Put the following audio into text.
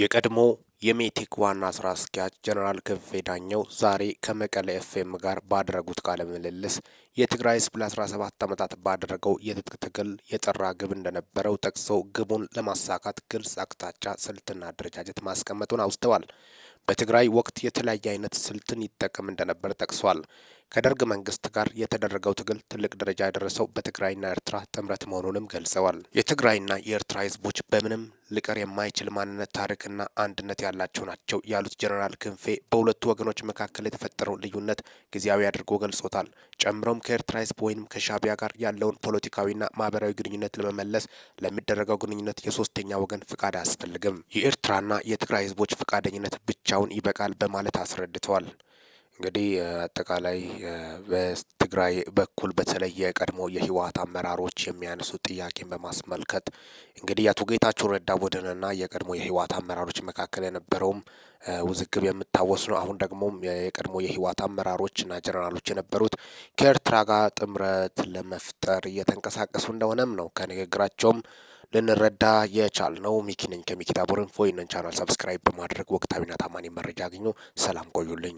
የቀድሞ የሜቴክ ዋና ስራ አስኪያጅ ጀነራል ክንፌ ዳኘው ዛሬ ከመቀለ ኤፍኤም ጋር ባደረጉት ቃለ ምልልስ የትግራይ ህዝብ ለ17 ዓመታት ባደረገው የትጥቅ ትግል የጠራ ግብ እንደነበረው ጠቅሰው ግቡን ለማሳካት ግልጽ አቅጣጫ፣ ስልትና አደረጃጀት ማስቀመጡን አውስተዋል። በትግራይ ወቅት የተለያየ አይነት ስልትን ይጠቀም እንደነበር ጠቅሷል። ከደርግ መንግስት ጋር የተደረገው ትግል ትልቅ ደረጃ ያደረሰው በትግራይና ኤርትራ ጥምረት መሆኑንም ገልጸዋል። የትግራይና የኤርትራ ህዝቦች በምንም ሊቀር የማይችል ማንነት ታሪክና አንድነት ያላቸው ናቸው ያሉት ጀኔራል ክንፌ በሁለቱ ወገኖች መካከል የተፈጠረው ልዩነት ጊዜያዊ አድርጎ ገልጾታል። ጨምሮም ከኤርትራ ህዝብ ወይም ከሻቢያ ጋር ያለውን ፖለቲካዊና ማህበራዊ ግንኙነት ለመመለስ ለሚደረገው ግንኙነት የሶስተኛ ወገን ፍቃድ አያስፈልግም። የኤርትራና የትግራይ ህዝቦች ፈቃደኝነት ብቻውን ይበቃል በማለት አስረድተዋል። እንግዲህ አጠቃላይ በትግራይ በኩል በተለይ የቀድሞ የህወሓት አመራሮች የሚያነሱ ጥያቄን በማስመልከት እንግዲህ የአቶ ጌታቸው ረዳ ቡድንና የቀድሞ የህወሓት አመራሮች መካከል የነበረውም ውዝግብ የሚታወስ ነው። አሁን ደግሞ የቀድሞ የህወሓት አመራሮችና ጀነራሎች የነበሩት ከኤርትራ ጋር ጥምረት ለመፍጠር እየተንቀሳቀሱ እንደሆነም ነው ከንግግራቸውም ልንረዳ የቻል ነው። ሚኪ ነኝ ከሚኪታ ቦረንፎ። ይህንን ቻናል ሰብስክራይብ በማድረግ ወቅታዊና ታማኒ መረጃ አግኙ። ሰላም ቆዩልኝ።